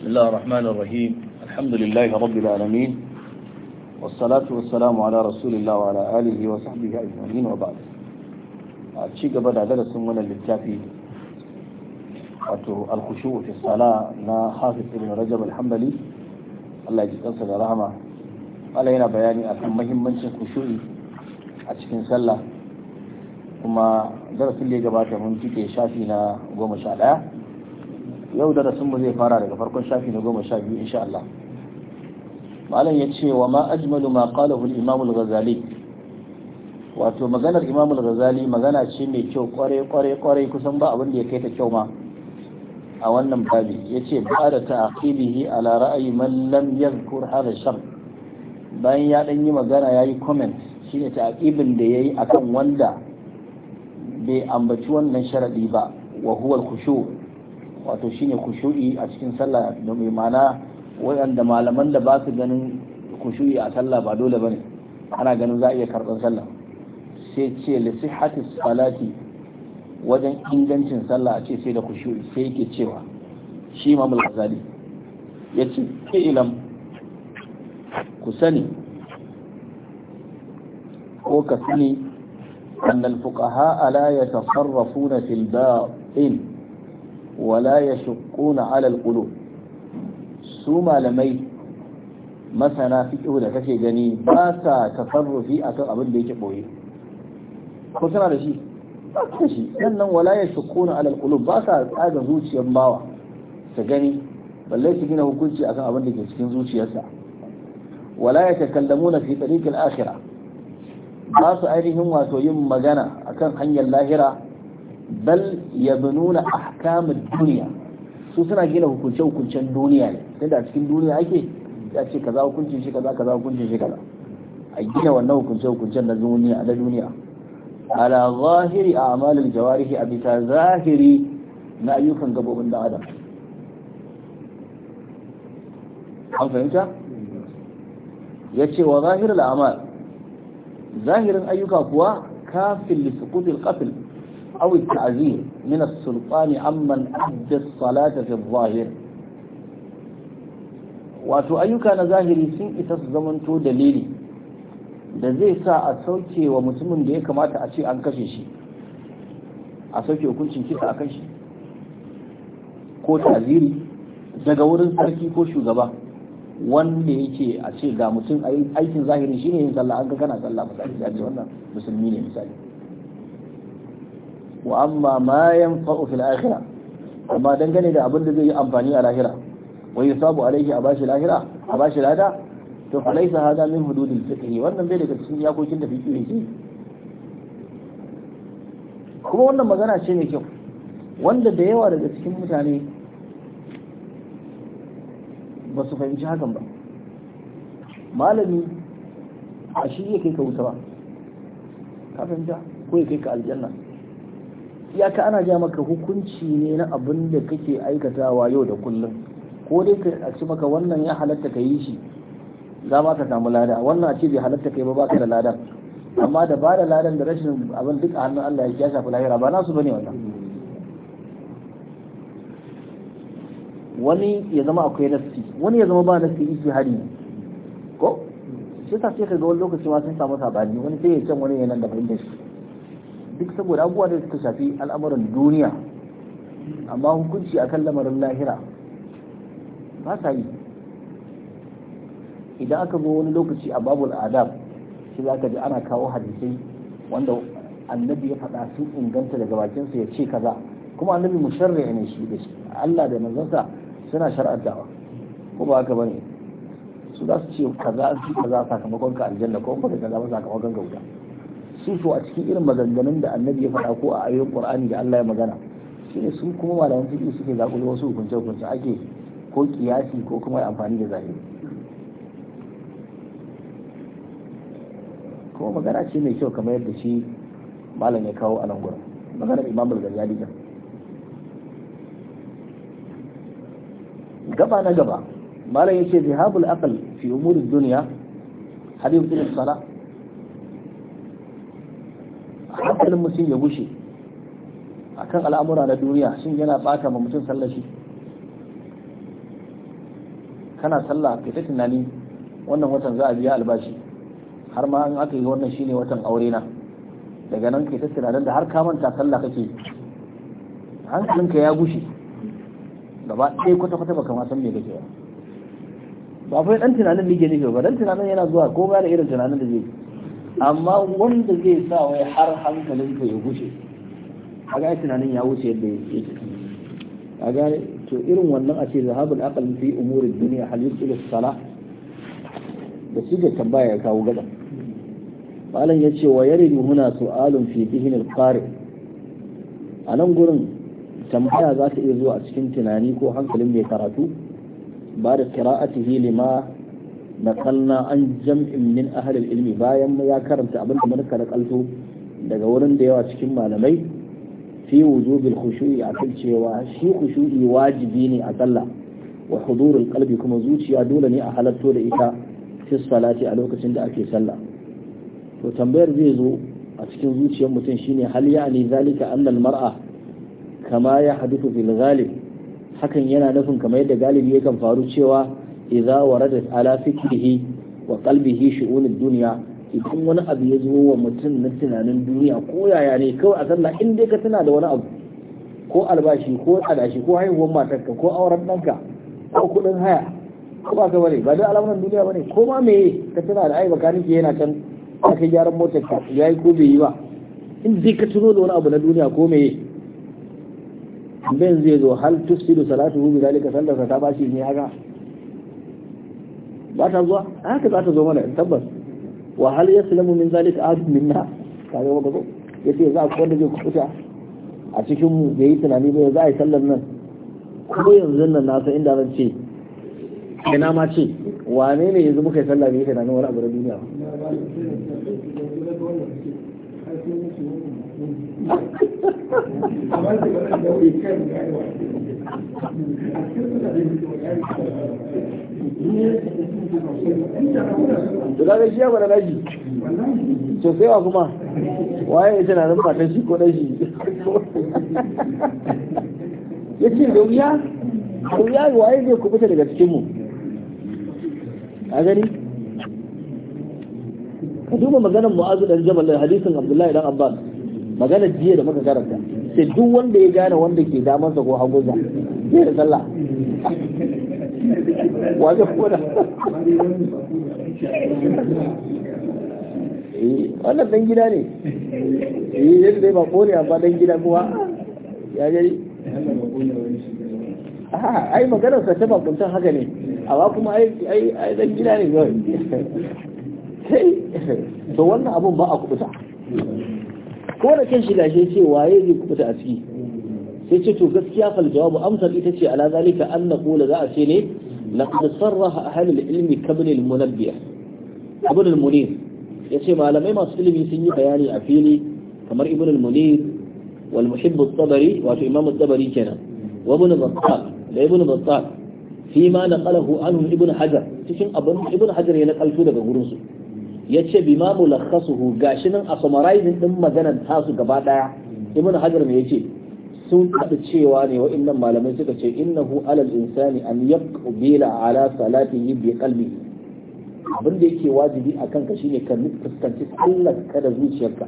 بسم الله الرحمن الرحيم الحمد لله رب العالمين والصلاة والسلام على رسول الله وعلى آله وصحبه أجمعين وبعد أتشيك بدأ درس من الكتابي wato alkushu fi na hafiz ibn rajab alhambali Allah ya kansa da rahama Allah yana bayani akan mahimmancin kushu'i a cikin sallah kuma darasin da ya gabata mun cike shafi na goma sha ɗaya yau da mu zai fara daga farkon shafi na goma sha biyu insha Allah malam ya ce wa ma ajmalu ma qalahu al-imam al-ghazali wato maganar imam al-ghazali magana ce mai kyau kware kware kware kusan ba abin da ya kai ta kyau ma a wannan babi yace ba da ta'qibihi ala ra'ayi man lam yadhkur hadha shar bayan ya dan yi magana yayi comment shine ta'qibin da yayi akan wanda bai ambaci wannan sharadi ba wa huwa al-khushu' wato shine kushu'i a cikin sallah da mai mana waɗanda malaman da ba su ganin kushu'i a sallah ba dole bane ana ganin za a iya karɓar sallah sai ce li salati wajen ingancin sallah a ce sai da kushu'i sai yake cewa shi Imam Al-Ghazali yace ilam ku sani ko ka sani annal fuqaha la yatasarrafuna fil ba'in wala ya shuƙuna alal su malamai masana fiƙo da kake gani ba sa tafarrufi akan abin da yake ɓoye ko suna da shi ba ta shi sannan wala ya alal ba sa tsaga zuciyar bawa ta gani balle su gina hukunci akan abin da ke cikin zuciyarsa wala ya takallamuna fi tariqil akhirah ba su ainihin wato yin magana akan hanyar lahira bal ya yabnuna ahkamud duniya su suna gina hukunce hukuncen duniya ne tunda a cikin duniya ake ya ce kaza hukuncin shi kaza kaza hukuncin shi kaza a gina wannan hukunce hukuncen na duniya na duniya ala zahiri a amalin jawarihi a bisa zahiri na ayyukan gabobin da adam an fahimta ya ce wa zahirar amal zahirin ayyuka kuwa kafin lisukudin kafin أو التعذير من السلطان عمن أدى الصلاة في الظاهر wato ayyuka na zahiri sun isa su zamanto dalili da zai sa a sauke wa mutumin da ya kamata a ce an kashe shi a sauke hukuncin kisa a shi ko taziri daga wurin sarki ko shugaba wanda yake a ce ga mutum aikin zahiri shine yin sallah an ga kana sallah misali ce wannan musulmi ne misali wa amma ma yanfa'u fil akhirah amma dangane da abin da zai yi amfani a lahira wa yusabu alayhi a bashi lahira a bashi lada to fa laysa hada min hududil fiqh wannan bai daga cikin yakokin da fiqh ne kuma wannan magana ce mai kyau wanda da yawa daga cikin mutane ba su fahimci hakan ba malami a shi ya kai ka wuta ba ka fahimta ko ya kai ka aljanna iyaka ana ja maka hukunci ne na abin da kake aikatawa yau da kullum ko dai ka ci maka wannan ya halatta ka yi shi za ma ka samu lada wannan a ce bai halatta kai ba ka da ladan amma da ba da ladan da rashin abin duk a hannun Allah ya shafi lahira ba nasu bane wannan wani ya zama akwai nafsi wani ya zama ba nafsi hari ko sai ta sai ka ga wani lokaci ma sun samu sabani wani sai ya can wani yana da da shi duk saboda abubuwa da suka shafi al'amuran duniya amma hukunci akan lamarin lahira ba sa yi idan aka zo wani lokaci a babu adab shi za ka ji ana kawo hadisai wanda annabi ya faɗa sun inganta daga bakinsa ya ce kaza kuma annabi musharri ne shi da shi Allah da manzansa suna shar'adawa ko ba haka bane su za su ce kaza su kaza sakamakon ka aljanna ko ba kaza ba sakamakon ka wuta su so a cikin irin maganganun da annabi ya faɗa ko a ayoyin qur'ani da Allah ya magana shine su kuma malaman fiqh suke zaƙulo wasu hukunce hukunce ake ko kiyasi ko kuma amfani da zahiri kuma magana ce mai kyau kamar yadda shi malam ya kawo a nan gurin maganar imam al-ghazali gaba na gaba malam yace zihabul aqal fi umuri dunya hadith din salah hankalin mutum ya gushe a kan al'amura na duniya shin yana bata ma mutum sallashi kana sallah ka ta tunani wannan watan za a biya albashi har ma an aka yi wannan shine watan aure na daga nan ka ta tunanin da har ka manta sallah kake hankalinka ya gushe gaba ɗaya kwata-kwata baka ma san me kake ba ba fa dan tunanin da ke nufi ba dan tunanin yana zuwa ko ba da irin tunanin da zai yi amma wanda zai sa wai har hankalinka ya gushe a ga tunanin ya wuce yadda ya ce a ga to irin wannan a ce zahabul aqal fi umurid duniya hal yusil sala da shi da tambaya ya kawo gadan malam yace wa yaridu huna su'alun fi dhihn al-qari a nan gurin tambaya za ta iya zuwa a cikin tunani ko hankalin mai karatu ba da qira'atihi lima nakalna an jam'in min ahalin ilmi bayan ya karanta abin da muka nakalto daga wurin da yawa cikin malamai fi wujubil khushu'i akan cewa shi khushu'i wajibi ne a sallah wa hudurul qalbi kuma zuciya dole ne a halatto da ita fi salati a lokacin da ake sallah to tambayar zai zo a cikin zuciyar mutum shine hal ya'ni zalika annal mar'a kama ya hadithu fil ghalib hakan yana nufin kamar yadda galibi yakan faru cewa idza waradat ala fikrihi wa qalbihi shu'unid dunya idan wani abu ya zo wa mutum na tunanin duniya ko yaya ne kawai a sallah in dai ka tana da wani abu ko albashi ko adashi ko haihuwar matarka ko auren ɗanka ko kuɗin haya ko ba ka bane ba da alamuran duniya bane ko ma meye ka tana da ai bakanin ke yana can ka kai gyaran motar ka ya yi ko bai yi ba in dai ka tuno da wani abu na duniya ko meye ben zai zo hal tusidu salatu bi zalika sallarsa ta bashi ne haka ba ta zuwa haka za ta zo mana in tabbas wa hal yaslamu min zalika ahad minna kaga ba yace za ku wanda zai kusa a cikin mu da yi tunani ba za a yi sallar nan ko yanzu nan na san inda zan ce ina ma ce wane ne yanzu muka yi sallah bai tunanin wani abu da duniya ba to da ya gwada daji to sai wa kuma waye ya tana zama ta shi ko da shi ya ce da wuya da wuya waye zai kubuta daga cikinmu a gani ka duba maganar mu'azu ɗan jabal da hadisin abdullahi dan abbas maganar jiya da muka karanta sai duk wanda ya gane wanda ke damansa ko hagunsa zai da sallah Eh, wannan dan gida ne yi eh, yadda dai ba kone a dan gida kuwa ya gari a ah, ai maganar sa ta bakuntan haka ne amma kuma ai ai dan gida ne zai sai to wannan abun ba a kubuta ko da kan shi gashi ce waye zai kubuta a ciki sai ce to gaskiya fal jawabu amsar ita ce ala zalika an naqula za a ce ne laqad sarraha ahlul ilmi kabn al munabbih ibn al munir yace malamai masu ilimi sun yi bayani a fili kamar ibn al munir wal muhibb al tabari wato imam al tabari kenan wa ibn battal da ibn battal fi ma naqalahu anhu ibn hajar cikin abin ibn hajar ya nakalto daga gurin su yace bima mulakhasuhu gashi nan a summarizing din maganar tasu gaba daya ibn hajar me yace sun faɗi cewa ne wa'annan malamai suka ce innahu alal insani an yaqbila ala salatihi bi qalbihi abin da yake wajibi a kanka shine ka fuskanci sallar ka da zuciyarka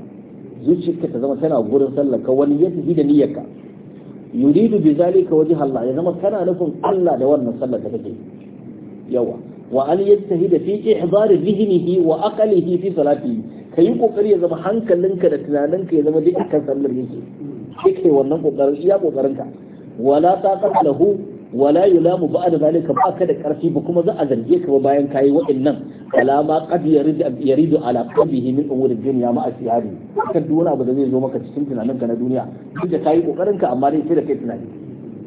zuciyarka ta zama tana gurin sallar ka wani yadda da niyyarka yuridu bi zalika wajh Allah ya zama kana nufin Allah da wannan sallar da kake yawa wa an yajtahida fi ihdari dhihnihi wa aqlihi fi salatihi ka yi kokari ya zama hankalinka da tunaninka ya zama duk akan sallar yake yake wannan kokarin iya kokarin ka wala taqat lahu wala yulamu ba'da zalika ba ka da karfi ba kuma za a zarge ka ba bayan kayi waɗannan alama qad yaridu yaridu ala qalbihi min umuri dunya ma asiyari Ka duk wani abu da zai zo maka cikin tunaninka na duniya duk da kayi kokarin ka amma dai sai da kai tunani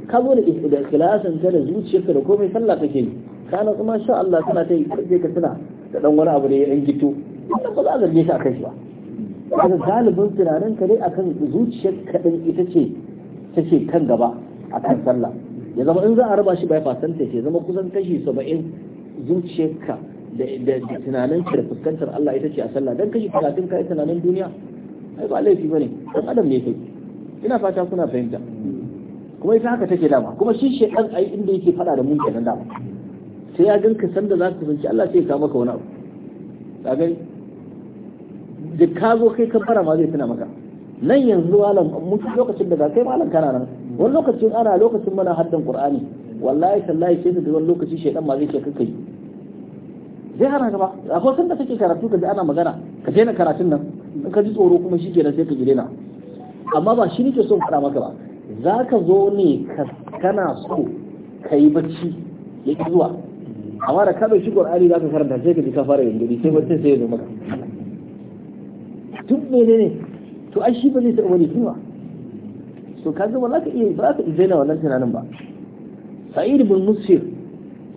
ka zo da ikhlasin ka da zuciyarka da komai sallah kake yi kana kuma sha Allah kana ta yi kaje ka tuna da dan wani abu da ya dan gito wannan ba za a zarge ka a shi ba kaga galibin tunanin ka dai akan zuciyar kaɗan ita ce take kan gaba a kan sallah ya zama in za a raba shi bai fasanta ce zama kusan kashi saba'in zuciyarka da tunaninka da fuskantar Allah ita ce a sallah don kashi talatin ka yi tunanin duniya ai ba laifi ne dan adam ne kai ina fata kuna fahimta kuma ita haka take dama kuma shi shedan ai inda yake faɗa da mun kenan dama sai ya ganka sanda za ka fahimci Allah sai ya kawo ka wani abu da ka zo kai ka fara ma zai tuna maka nan yanzu malam mutu lokacin da kai malam kana nan wani lokacin ana lokacin mana haddan qur'ani wallahi tallahi sai da wani lokaci shedan ma zai ce kai zai hana gaba akwai san da kake karatu ka ji ana magana ka daina karatun nan in ka ji tsoro kuma shi kenan sai ka ji daina amma ba shi nake son fara maka ba za ka zo ne kana so ka yi bacci ya ki zuwa amma da ka ɗauki ƙwararri za ka karanta sai ka ji ka fara yin gari sai bacci sai ya zo maka Tun duk ne to ai shi ba zai taɓa wani ba to ka ga ba za ka iya ba za ka izaina wannan tunanin ba sa'id bin musir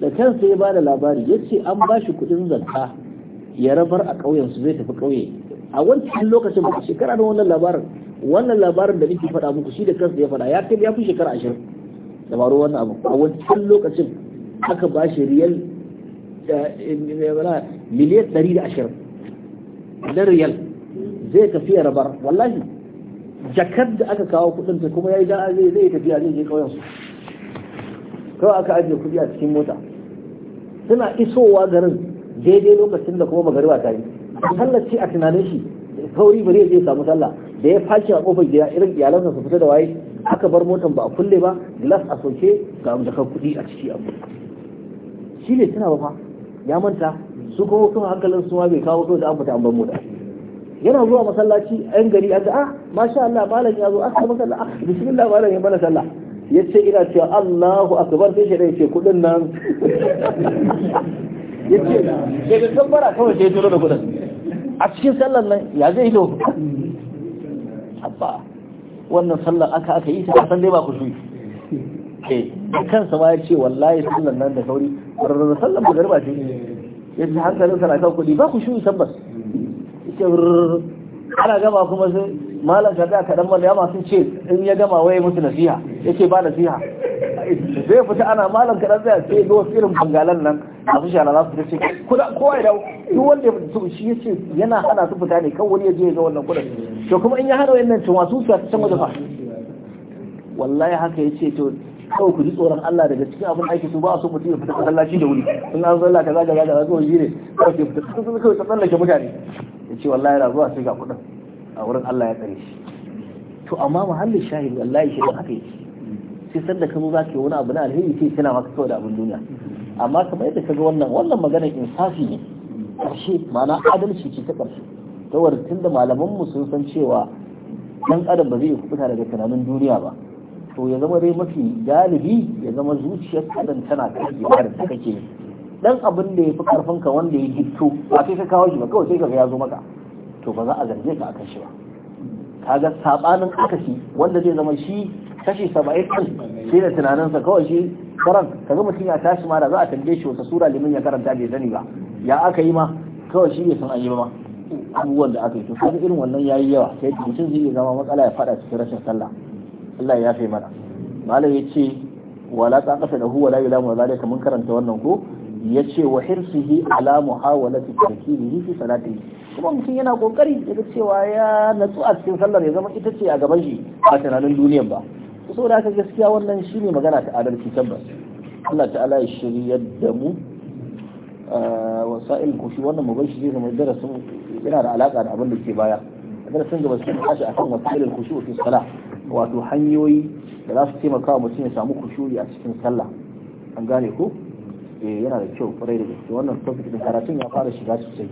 da kansa ya bada labari ya ce an ba shi kuɗin zakka ya rabar a ƙauyensu zai tafi ƙauye a wancan lokacin ba shekara da wannan labarin wannan labarin da nake faɗa muku shi da kansa ya faɗa ya kai ya fi shekara ashirin da baro wannan abu a wancan lokacin aka ba shi riyal eh, eh, miliyan ɗari da ashirin na riyal zai tafiya rabar wallahi jakar da aka kawo kudin ta kuma yi da zai zai tafiya zai je kawai aka ajiye kudi a cikin mota suna isowa garin daidai lokacin da kuma magariba ta yi sallar ce a tunanin shi kauri bari zai samu sallah da ya fashi a kofar gida irin iyalansa su fita da waye aka bar motan ba a kulle ba glass a soke ga jakar kudi a ciki abu shi ne tana ba ya manta su kuma kuma hankalin su bai kawo kawai da an fita an bar mota yana zuwa masallaci ɗan gari a ah masha Allah malam ya zo aka masa a ah, bismillah malam ya mana sallah ya ce ina cewa Allahu akbar sai shaidan ya ce kuɗin nan ya ce daga kabbara kawai sai ya turo da kuɗin a cikin sallar nan ya zai ido abba wannan sallar aka aka yi ta san dai ba ku shi eh kansa ma ya ce wallahi sallar nan da sauri sallar magariba ce ya ce hankalinsa na kan kuɗi ba ku shi tabbas suke ana gama kuma sai malam shafi'a kaɗan maryama sun ce in ya gama waye musu nasiha yake ba nasiha zai fita ana malam kaɗan zai ce ga wasu irin bangalan nan su shara za su fita ce kuda kowa ya dawo duk wanda ya fita shi ya ce yana hana su fita ne kan wani ya je ya ga wannan kuɗin to kuma in ya hana wayannan cin wasu su can waje fa wallahi haka ya ce to kawai ku ji tsoron Allah daga cikin abin aiki su ba su mutum ya fita masallaci da wuri sun an zalla ka kaza kaza kawai shi kawai ke fita sun sun kawai ta tsallake mutane ya ce wallahi yana zuwa sai ga kuɗin a wurin Allah ya tsare shi to amma muhallin shahin wallahi shi da haka yake sai sanda ka zo za ka yi wani abu na alheri sai kina maka kawai da abin duniya amma kamar yadda ka ga wannan wannan maganar insafi ne ƙarshe ma'ana adalci ce ta ƙarshe ta tun da malamanmu sun san cewa ɗan adam ba zai kubuta daga tunanin duniya ba to ya zama dai mafi galibi ya zama zuciyar kadan tana kan ibadar da kake yi dan abin da ya fi karfin ka wanda ya gitto ba sai ka kawo shi ba kawai sai ka ya zo maka to ba za a zarge ka akan shi ba kaga sabanin akasi wanda zai zama shi kashi 70 sai shi da tunaninsa kawai shi karan ga mutum ya tashi ma da za a tambaye shi wata sura limin ya karanta bai sani ba ya aka yi ma kawai shi bai san an yi ba ma abubuwan da aka yi to kaga irin wannan yayi yawa sai mutum zai zama matsala ya fada cikin rashin sallah Allah ya yafe mana malam ya ce wala ta kasa da hu wala yulamu zalika mun karanta wannan ko ya ce wa hirsihi ala muhawalati tarkibihi fi salatihi kuma mutum yana kokari ya cewa ya natsu a cikin sallar ya zama ita ce a gaban shi a tunanin duniyar ba da haka gaskiya wannan shine magana ta adalci tabbas Allah ta'ala ya shiryar da mu ah, wasa'il kushi wannan mu shi zai zama darasin yana da alaka da abin da ke baya darasin gaba ne tashi akan wasa'il kushi wa fi salah wato hanyoyi da za su taimaka wa mutum ya samu kushuri a cikin sallah an gane ko eh yana da kyau kwarai da gaske wannan topic din karatun ya fara shiga sosai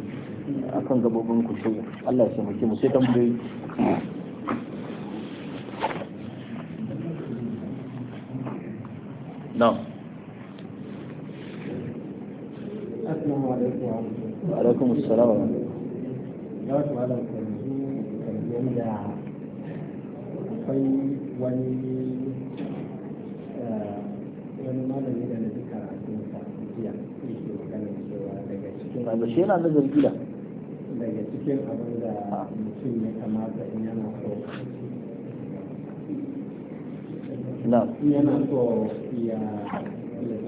akan gabobin kushuri Allah ya taimake mu sai tambayoyi na'am assalamu alaikum wa alaikum assalam wa rahmatullahi wa barakatuh akwai wani eh, wani malami da na ji karatunsa jiya yake magana cewa daga cikin abin shi yana nazar gida daga cikin abin da mutum ya kamata in yana so na yana so ya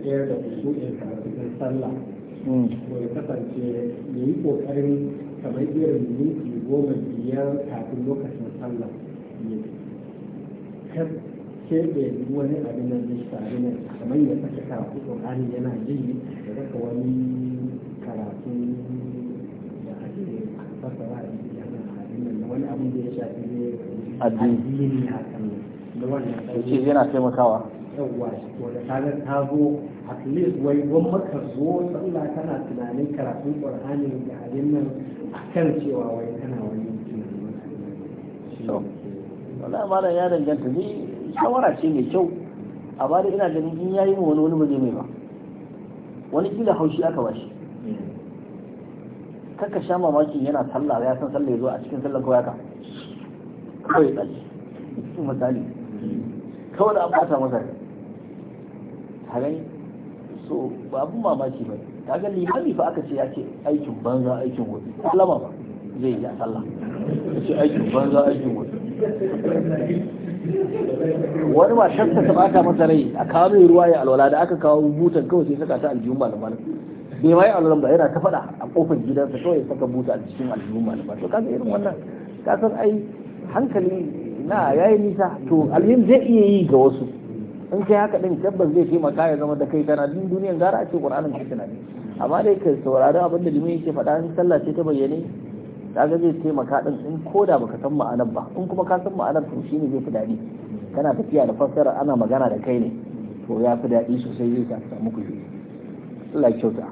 tsayar da kusurin karatun sallah ko hmm. ya kasance ya yi kokarin kamar irin minti goma biyar kafin lokacin sallah kar keɓe wani abin nan da shi abin nan kamar ya saka karatu ƙur'ani yana ji da saka wani karatu da ake fasara a wani abin da ya shafi addini kan da wannan yana taimakawa yawwa to da ga ta zo at least wai gon maka zo sallah kana tunanin karatun qur'ani da abin nan akan cewa wai kana wani tunanin wala malam ya danganta ne shawara ce mai kyau a bada ina ganin in yayi mu wani wani ba zai mai ba wani kila haushi aka bashi kakka sha mamakin yana sallah ya san sallah ya zo a cikin sallah kawai ka kawai tsalle misali kawai da abata masa hagan so ba abun mamaki ba ga limami fa aka ce ya ce aikin banza aikin wani sallama ba zai yi a sallah ya ce aikin banza aikin wani wani ma shakka ta bata masa rai a kawo mai ruwa ya alwala da aka kawo butan kawai sai saka ta aljihun malaman bai ma yi alwalan ba yana ta faɗa a kofar gidansa kawai saka buta a cikin aljihun malaman to kaga irin wannan kasan ai hankali na ya yi nisa to alhim zai iya yi ga wasu in kai haka ɗin tabbas zai taimaka ya zama da kai kana din duniyar gara a ce ƙur'anin kai tunani amma dai ka saurari abin da limin yake faɗa in sallah ce ta bayyane kaga zai taimaka din in ko da baka san ma'anar ba in kuma ka san ma'anar to shine zai fi daɗi kana tafiya da fassara ana magana da kai ne to ya fi daɗi sosai zai ka samu kuɗi Allah kyauta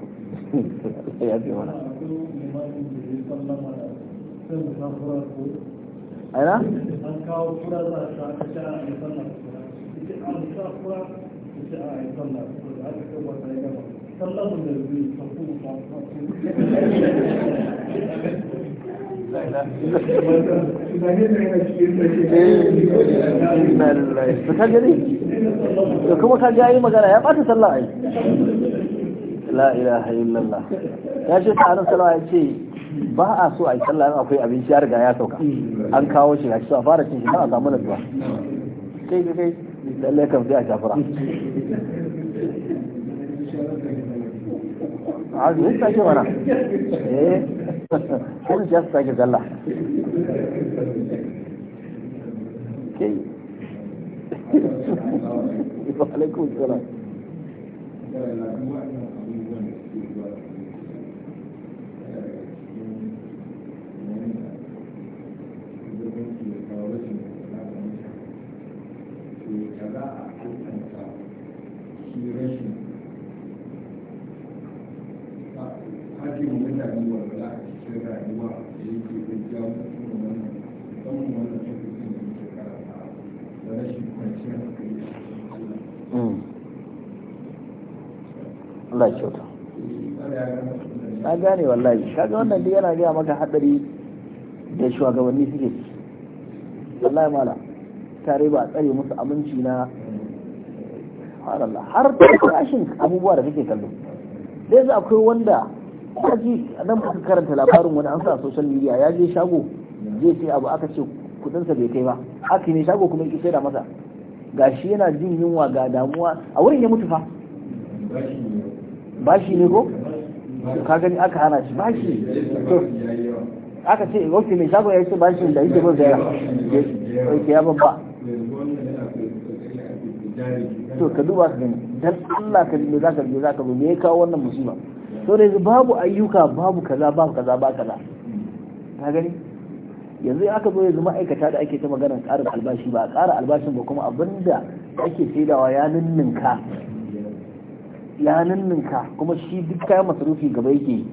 ya fi mana ana an kawo kura za ta ta a yi sallah ita an sa kura ita a yi sallah da aka kai wata ya gaba sallah da zai tafi ka gani da kuma ka ga yi magana ya bata sallah ya ce sa'anin sallah ya ce ba a so a yi sallah akwai abinci ya riga ya sauka an kawo shi ga a fara cin shi ba a samu zuwa kai kai a shafura a zuwa ta ke mana eh sai zuciya su sake sallah kai wa alaikum salam rashin na rayuwa da yake da jawo wannan musamman wannan da muke karanta da rashin kwanciyar Allah hmm. Na gane wallahi, kaga wannan yana gaya maka hadari da shugabanni suke ciki Wallahi mala, tare ba a tsare musu aminci na har ta kashin abubuwa da kake kallo. Dai za akwai wanda a nan kuka karanta labarin wani an sa a social media ya je shago zai sai abu aka ce kudinsa bai kai ba aka ne shago kuma yake da masa gashi yana jin yunwa ga damuwa a wurin ya mutu fa bashi ne ko ka gani aka hana shi bashi aka ce wasu mai shago ya ce bashi da yake bin zaya yake ya babba to ka duba ka gani dan Allah ka dinga zaka dinga zaka me ya kawo wannan musiba sau da yanzu babu ayyuka babu kaza babu kaza ba kaza ka gani yanzu aka zo yanzu ma'aikata da ake ta maganar karin albashi ba a kara albashin ba kuma abinda ake saidawa ya ninninka ya ninninka kuma shi duk kayan masarufi gaba yake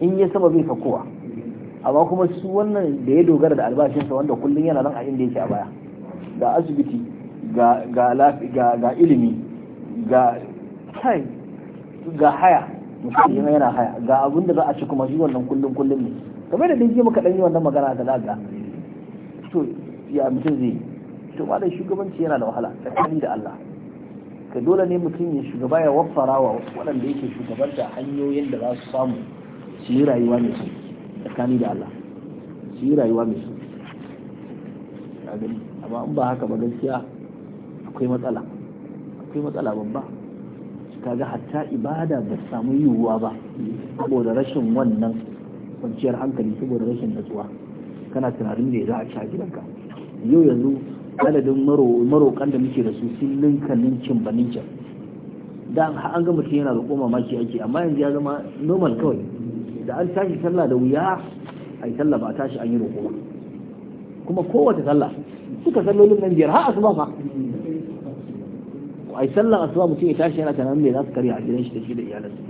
in ya sama bai fakowa amma kuma su wannan da ya dogara da albashinsa wanda kullum yana nan a inda yake a baya ga asibiti ga ga ilimi ga kai ga haya misali yana yana haya ga abin da za a ci kuma shi wannan kullum kullum ne kamar da dinki muka yi wannan magana da zaga to ya mutum zai to malam shugabanci yana da wahala tsakani da Allah ka dole ne mutum ya shugaba ya waffara wa waɗanda yake shugabar da hanyoyin da za su samu su yi rayuwa mai sauki tsakani da Allah su yi rayuwa mai sauki amma in ba haka ba gaskiya akwai matsala akwai matsala babba kaga hatta ibada ba samu yiwuwa ba saboda rashin wannan kwanciyar hankali saboda rashin natsuwa kana tunanin me za a ci a gidanka yau yanzu adadin maroƙan da muke da su sun ninka ninkin ba ninkin da an ga mutum yana roƙo mamaki ake amma yanzu ya zama normal kawai da an tashi sallah da wuya a yi sallah ba a tashi an yi roƙo kuma kowace sallah suka sallolin nan biyar har asuba ba ai sallan asuba mutum ya tashi yana tunanin me za su karya a gidan shi da shi da iyalansa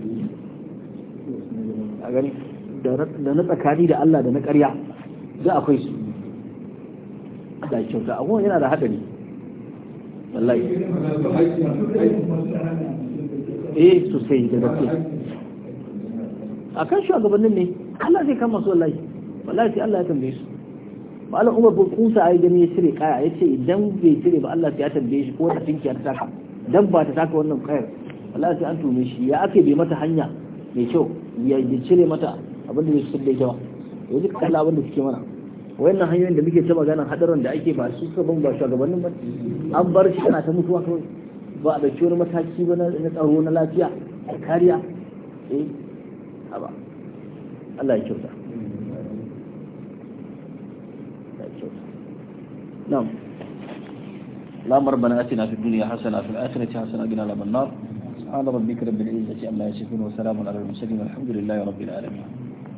a gani da na tsakani da Allah da na karya da akwai su da kyauta a kuma yana da haɗari wallahi eh sosai da gaske a kan shugabannin ne Allah zai kama su wallahi wallahi sai Allah ya tambaye su malam Umar bin Kusa yi gani ya cire kaya ya ce idan bai cire ba Allah sai ya tambaye shi ko ta tinkiya ta saka ba ta taka wannan kayar wallahi sai an tume shi ya ake bai mata hanya mai kyau ya cire mata abin da zai fitar da kyau ba ji ka kalla abin da suke mana wayannan hanyoyin da muke ta magana hadarin da ake ba su ka ban ba shugabannin ba an bar shi kana ta mutuwa kawai ba a dauki wani mataki ba na tsaro na lafiya a kariya eh haba Allah ya kyauta Thank you. لا مربنا آتنا في الدنيا حسنة في الآخرة حسنة وقنا عذاب النار سبحان ربك رب العزة أما يشفون وسلام على المرسلين والحمد لله رب العالمين